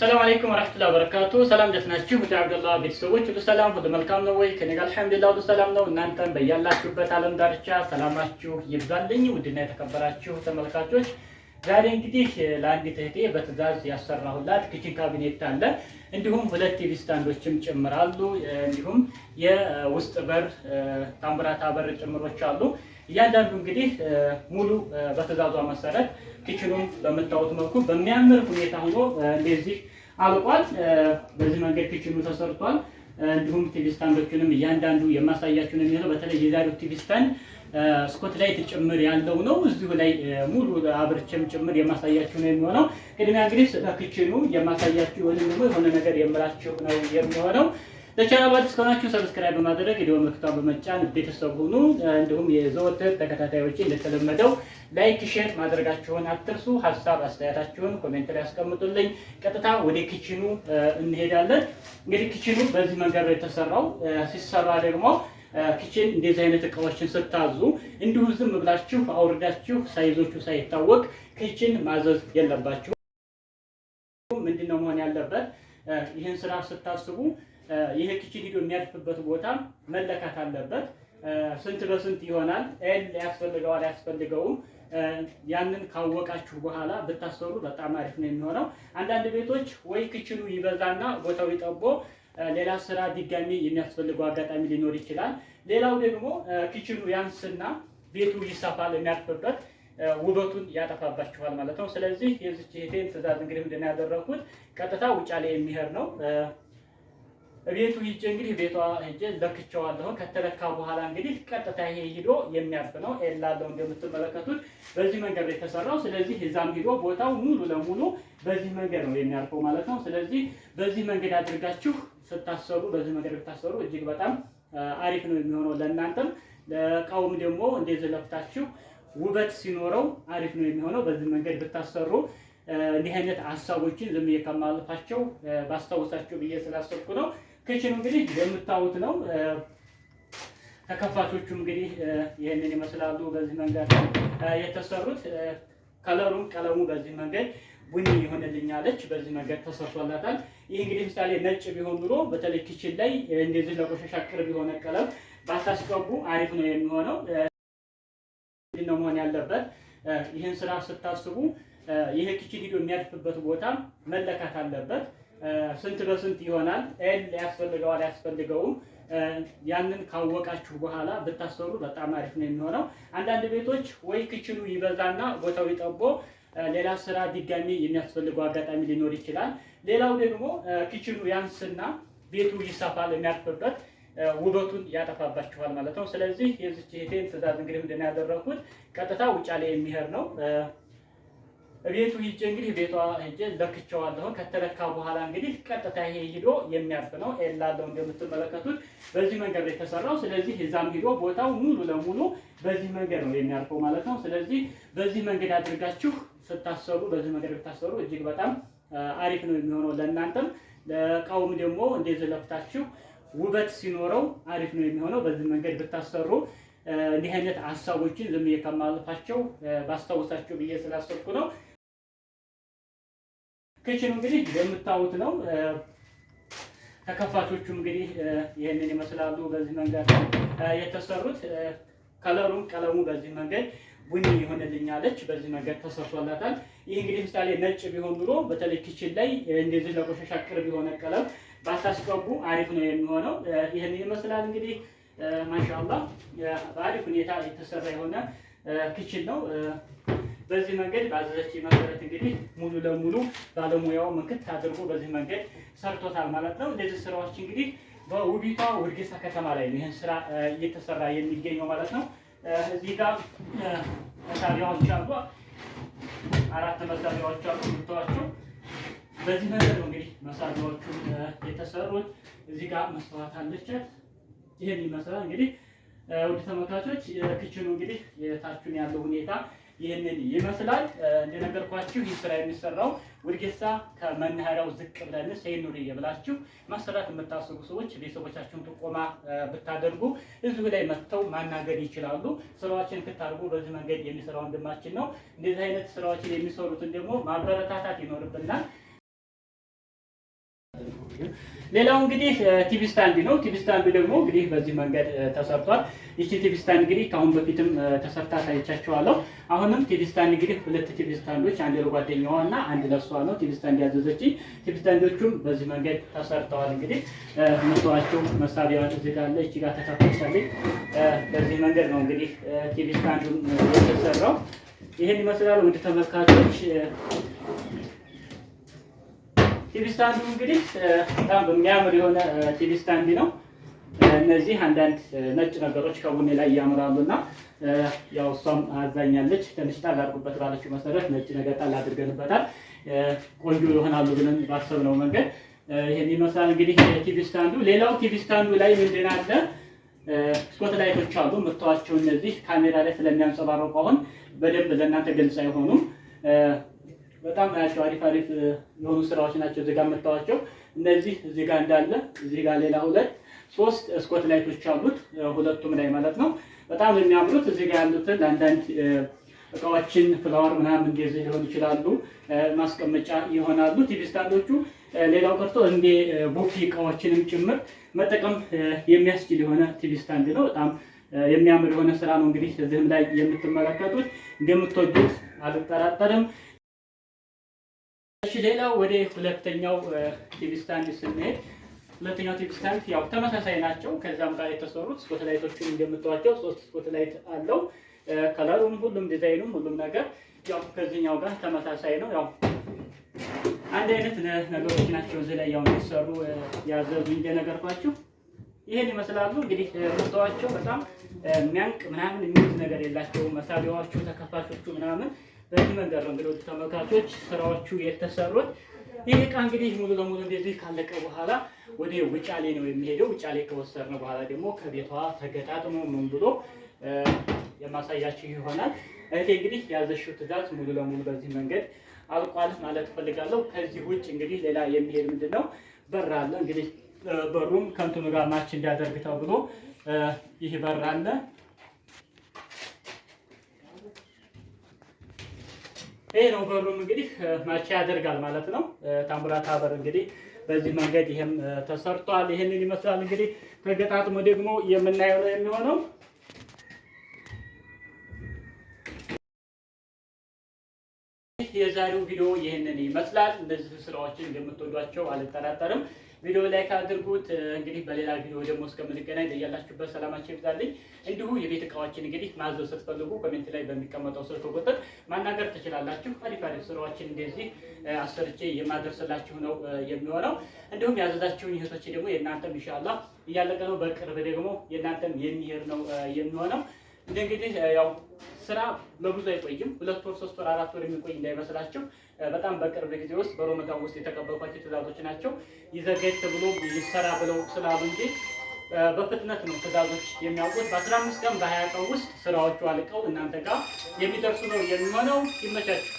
ሰላም አለይኩም ወራህመቱላሂ ወበረካቱ። ሰላም ደህና ናችሁ? ውድ አብደላ ቤተሰቦች ሁሉ ሰላም ሁሉ መልካም ነው ወይ? ከኔ ጋር አልሐምዱሊላህ ሁሉ ሰላም ነው። እናንተም በያላችሁበት ዓለም ዳርቻ ሰላማችሁ ይብዛልኝ። ውድና የተከበራችሁ ተመልካቾች ዛሬ እንግዲህ ለአንዲት እህቴ በትዕዛዝ ያሰራሁላት ኪችን ካቢኔት አለ። እንዲሁም ሁለት ቲቪ ስታንዶችም ጭምር እንዲሁም የውስጥ በር ታምቡራታ በር ጭምሮች አሉ። እያንዳንዱ እንግዲህ ሙሉ በትዕዛዟ መሰረት ኪችኑም በምታወት መልኩ በሚያምር ሁኔታ ሆኖ እንደዚህ አልቋል። በዚህ መንገድ ኪችኑ ተሰርቷል። እንዲሁም ቲቪ ስታንዶቹንም እያንዳንዱ የማሳያችሁን የሚሆነው በተለይ የዛሬው ቲቪ ስታንድ ስኮትላይት ጭምር ያለው ነው። እዚሁ ላይ ሙሉ አብርቼም ጭምር የማሳያችሁ ነው የሚሆነው። ቅድሚያ እንግዲህ ስለ ኪችኑ የማሳያችሁ ወይም ደግሞ የሆነ ነገር የምላችሁ ነው የሚሆነው ለቻናሉ አዲስ ከሆናችሁ ሰብስክራይብ በማድረግ የደወል ምልክቷን በመጫን ቤተሰብ ሁኑ። እንዲሁም የዘወትር ተከታታዮች እንደተለመደው ላይክ፣ ሼር ማድረጋችሁን አትርሱ። ሀሳብ አስተያየታችሁን ኮሜንት ላይ ያስቀምጡልኝ። ቀጥታ ወደ ኪችኑ እንሄዳለን። እንግዲህ ኪችኑ በዚህ መንገድ የተሰራው። ሲሰራ ደግሞ ኪችን እንደዚህ አይነት እቃዎችን ስታዙ እንዲሁ ዝም ብላችሁ አውርዳችሁ ሳይዞቹ ሳይታወቅ ኪችን ማዘዝ የለባችሁ። ምንድነው መሆን ያለበት? ይህን ስራ ስታስቡ ይሄ ኪችን ሂዶ የሚያርፍበት ቦታ መለካት አለበት። ስንት በስንት ይሆናል ኤል ያስፈልገዋል ያስፈልገውም ያንን ካወቃችሁ በኋላ ብታሰሩ በጣም አሪፍ ነው የሚሆነው። አንዳንድ ቤቶች ወይ ክችኑ ይበዛና ቦታው ይጠቦ ሌላ ስራ ድጋሚ የሚያስፈልገው አጋጣሚ ሊኖር ይችላል። ሌላው ደግሞ ክችኑ ያንስና ቤቱ ይሰፋል፣ የሚያርፍበት ውበቱን ያጠፋባችኋል ማለት ነው። ስለዚህ የዚች ሄቴን ትእዛዝ እንግዲህ ምንድን ያደረኩት ቀጥታ ውጫሌ የሚሄድ ነው ቤቱ ሂጄ እንግዲህ ቤቷ ሂጄ ለክቸዋለሁ። ከተለካ በኋላ እንግዲህ ቀጥታ ይሄ ሂዶ የሚያርፍ ነው። ኤላለው እንደምትመለከቱት በዚህ መንገድ ነው የተሰራው። ስለዚህ እዛም ሂዶ ቦታው ሙሉ ለሙሉ በዚህ መንገድ ነው የሚያርፈው ማለት ነው። ስለዚህ በዚህ መንገድ አድርጋችሁ ስታሰሩ፣ በዚህ መንገድ ብታሰሩ እጅግ በጣም አሪፍ ነው የሚሆነው ለእናንተም፣ ለእቃውም ደግሞ እንደዚህ ለፍታችሁ ውበት ሲኖረው አሪፍ ነው የሚሆነው በዚህ መንገድ ብታሰሩ እንዲህ አይነት ሀሳቦችን ዝም እየከማልፋቸው ባስታውሳችሁ ብዬ ስላሰብኩ ነው። ክችን እንግዲህ የምታዩት ነው። ተከፋቾቹ እንግዲህ ይህንን ይመስላሉ። በዚህ መንገድ የተሰሩት ከለሩም ቀለሙ በዚህ መንገድ ቡኒ ይሆንልኛለች። በዚህ መንገድ ተሰርቶላታል። ይህ እንግዲህ ምሳሌ ነጭ ቢሆን ኑሮ በተለይ ክችን ላይ እንደዚህ ለቆሻሻ ቅርብ የሆነ ቀለም ባታስቀቡ አሪፍ ነው የሚሆነው። ምንድነው መሆን ያለበት? ይህን ስራ ስታስቡ ይህ ክችን ሂዶ የሚያልፍበት ቦታ መለካት አለበት። ስንት በስንት ይሆናል ኤል ያስፈልገዋል አያስፈልገውም? ያንን ካወቃችሁ በኋላ ብታሰሩ በጣም አሪፍ ነው የሚሆነው። አንዳንድ ቤቶች ወይ ክችሉ ይበዛና ቦታው ይጠቦ ሌላ ስራ ድጋሚ የሚያስፈልገው አጋጣሚ ሊኖር ይችላል። ሌላው ደግሞ ክችሉ ያንስና ቤቱ ይሰፋል የሚያርፍበት ውበቱን ያጠፋባችኋል ማለት ነው። ስለዚህ የዚች ሄቴን ትዕዛዝ እንግዲህ ምንድን ያደረኩት ቀጥታ ውጫሌ የሚሄድ ነው ቤቱ ሂጄ እንግዲህ ቤቷ ሂጄ ለክቸዋለሁ። ከተለካ በኋላ እንግዲህ ቀጥታ ይሄ ሂዶ የሚያርፍ ነው። ኤላለው እንደምትመለከቱት በዚህ መንገድ ላይ የተሰራው። ስለዚህ እዛም ሂዶ ቦታው ሙሉ ለሙሉ በዚህ መንገድ ነው የሚያርፈው ማለት ነው። ስለዚህ በዚህ መንገድ አድርጋችሁ ስታሰሩ፣ በዚህ መንገድ ብታሰሩ እጅግ በጣም አሪፍ ነው የሚሆነው ለእናንተም፣ ለእቃውም ደግሞ እንደዚህ ለፍታችሁ ውበት ሲኖረው አሪፍ ነው የሚሆነው በዚህ መንገድ ብታሰሩ። እንዲህ አይነት ሀሳቦችን ዝም ከማለፋቸው ባስታውሳቸው ብዬ ስላሰብኩ ነው። ክችን እንግዲህ የምታዩት ነው። ተከፋቾቹ እንግዲህ ይህንን ይመስላሉ። በዚህ መንገድ የተሰሩት ከለሩም ቀለሙ በዚህ መንገድ ቡኒ ይሆንልኛለች። በዚህ መንገድ ተሰርቶላታል። ይህ እንግዲህ ምሳሌ ነጭ ቢሆን ኑሮ በተለይ ክችን ላይ እንደዚህ ለቆሻሻ ቅርብ የሆነ ቀለም ባታስቀቡ አሪፍ ነው የሚሆነው። ይህንን ይመስላል እንግዲህ ማሻላ በአሪፍ ሁኔታ የተሰራ የሆነ ክችን ነው። በዚህ መንገድ በአዘዘች መሰረት እንግዲህ ሙሉ ለሙሉ ባለሙያው ምንክት አድርጎ በዚህ መንገድ ሰርቶታል ማለት ነው። እንደዚህ ስራዎች እንግዲህ በውቢቷ ውድጌሳ ከተማ ላይ ይህን ስራ እየተሰራ የሚገኘው ማለት ነው። እዚህ ጋር መሳቢያዎች አሉ፣ አራት መሳቢያዎች አሉ ምታዋቸው በዚህ መንገድ ነው እንግዲህ መሳቢያዎቹ የተሰሩት። እዚህ ጋር መስተዋት አለቻት። ይህን ይመስላል እንግዲህ ውድ ተመልካቾች፣ ክችኑ እንግዲህ የታችን ያለው ሁኔታ ይህንን ይመስላል። እንደነገርኳችሁ ይህ ስራ የሚሰራው ውድጌሳ ከመናኸሪያው ዝቅ ብለን ሴኑሪ ብላችሁ ማሰራት የምታስቡ ሰዎች ቤተሰቦቻችሁን ጥቆማ ብታደርጉ እዚሁ ላይ መጥተው ማናገር ይችላሉ። ስራዎችን ክታርጉ በዚህ መንገድ የሚሰራ ወንድማችን ነው። እንደዚህ አይነት ስራዎችን የሚሰሩትን ደግሞ ማበረታታት ይኖርብናል። ሌላው እንግዲህ ቲቪ ስታንድ ነው። ቲቪ ስታንድ ደግሞ እንግዲህ በዚህ መንገድ ተሰርቷል። ይቺ ቲቪ ስታንድ እንግዲህ ከአሁን በፊትም ተሰርታ ታይቻቸዋለሁ። አሁንም ቲቪ ስታንድ እንግዲህ ሁለት ቲቪ ስታንዶች አንድ ለጓደኛዋ እና አንድ ለሷ ነው ቲቪ ስታንድ ያዘዘች። ቲቪ ስታንዶቹም በዚህ መንገድ ተሰርተዋል። እንግዲህ መስዋቸው መሳቢያ እዚህ ጋር አለ፣ እቺ ጋር ተሰርታለች። በዚህ መንገድ ነው እንግዲህ ቲቪ ስታንዱን የተሰራው። ይህን ይመስላል ውድ ተመልካቾች። ቲቪ ስታንዱ እንግዲህ በጣም በሚያምር የሆነ ቲቪ ስታንድ ነው። እነዚህ አንዳንድ ነጭ ነገሮች ከቡኔ ላይ እያምራሉ እና ያው እሷም አዛኛለች ትንሽ ጣል አድርጉበት ባለችው መሰረት ነጭ ነገር ጣል አድርገንበታል። ቆንጆ ይሆናሉ ብለን ባሰብነው መንገድ ይህን ይመስላል እንግዲህ ቲቪ ስታንዱ። ሌላው ቲቪ ስታንዱ ላይ ምንድን አለ? ስኮት ላይቶች አሉ ምርተዋቸው እነዚህ ካሜራ ላይ ስለሚያንጸባረቁ አሁን በደንብ ለእናንተ ግልጽ አይሆኑም። በጣም ናቸው አሪፍ አሪፍ የሆኑ ስራዎች ናቸው። እዚጋ የምታዋቸው እነዚህ እዚጋ እንዳለ እዚጋ ሌላ ሁለት ሶስት ስኮት ላይቶች አሉት ሁለቱም ላይ ማለት ነው። በጣም የሚያምሩት እዚጋ ያሉትን አንዳንድ እቃዎችን ፍላወር ምናምን እንደዚህ ሊሆን ይችላሉ ማስቀመጫ ይሆናሉ። ቲቪ ስታንዶቹ ሌላው ቀርቶ እንደ ቡፊ እቃዎችንም ጭምር መጠቀም የሚያስችል የሆነ ቲቪ ስታንድ ነው። በጣም የሚያምር የሆነ ስራ ነው። እንግዲህ እዚህም ላይ የምትመለከቱት እንደምትወዱት አልጠራጠርም። እሺ ሌላው ወደ ሁለተኛው ቲቪ ስታንድ ስንሄድ ሁለተኛው ቲቪ ስታንድ ያው ተመሳሳይ ናቸው። ከዛም ጋር የተሰሩት ስፖትላይቶችን እንደምታዋቸው ሶስት ስፖትላይት አለው። ከለሩም፣ ሁሉም ዲዛይኑም፣ ሁሉም ነገር ያው ከዚህኛው ጋር ተመሳሳይ ነው። ያው አንድ አይነት ነገሮች ናቸው። እዚህ ላይ ያው እንዲሰሩ ያዘዙ እንደነገርኳችሁ ይህን ይመስላሉ። እንግዲህ ምርተዋቸው በጣም የሚያንቅ ምናምን የሚሉት ነገር የላቸው መሳቢያዎቹ ተከፋቾቹ ምናምን በዚህ መንገድ ነው እንግዲህ ተመልካቾች ስራዎቹ የተሰሩት። ይህ እቃ እንግዲህ ሙሉ ለሙሉ እንደዚህ ካለቀ በኋላ ወደ ውጫሌ ነው የሚሄደው። ውጫሌ ከወሰድን በኋላ ደግሞ ከቤቷ ተገጣጥሞ ምን ብሎ የማሳያችሁ ይሆናል። እህቴ እንግዲህ ያዘሽው ትዕዛዝ ሙሉ ለሙሉ በዚህ መንገድ አልቋል ማለት እፈልጋለሁ። ከዚህ ውጭ እንግዲህ ሌላ የሚሄድ ምንድን ነው በር አለ እንግዲህ በሩም ከእንትኑ ጋር ማች እንዳደርግ ተብሎ ይህ በር አለ። ይሄ ነው በሩም እንግዲህ ማቻ ያደርጋል ማለት ነው። ታምራት በር እንግዲህ በዚህ መንገድ ይሄም ተሰርቷል። ይሄንን ይመስላል እንግዲህ ተገጣጥሞ ደግሞ የምናየው ነው የሚሆነው። የዛሬው ቪዲዮ ይህንን ይመስላል። እነዚህ ስራዎችን እንደምትወዷቸው አልጠራጠርም። ቪዲዮ ላይክ አድርጉት። እንግዲህ በሌላ ቪዲዮ ደግሞ እስከምንገናኝ በያላችሁበት ሰላማችሁ ይብዛልኝ። እንዲሁ የቤት እቃዎችን እንግዲህ ማዘዝ ስትፈልጉ ኮሜንት ላይ በሚቀመጠው ስልክ ቁጥር ማናገር ትችላላችሁ። አሪፍ አሪፍ ስራዎችን እንደዚህ አሰርቼ የማደርስላችሁ ነው የሚሆነው። እንዲሁም ያዘዛችሁን ይህቶች ደግሞ የእናንተም ይሻላ እያለቀ ነው። በቅርብ ደግሞ የእናንተም የሚሄድ ነው የሚሆነው እንደ እንግዲህ ያው ስራ በብዙ አይቆይም። ሁለት ወር፣ ሶስት ወር፣ አራት ወር የሚቆይ እንዳይመስላችሁ። በጣም በቅርብ ጊዜ ውስጥ በሮመዳን ውስጥ የተቀበልኳቸው ትእዛዞች ናቸው። ይዘገጅ ብሎ ይሰራ ብለው ስላሉ እንጂ በፍጥነት ነው ትእዛዞች የሚያውቁት። በአስራ አምስት ቀን በሀያ ቀን ውስጥ ስራዎቹ አልቀው እናንተ ጋር የሚደርሱ ነው የሚሆነው። ይመቻችሁ።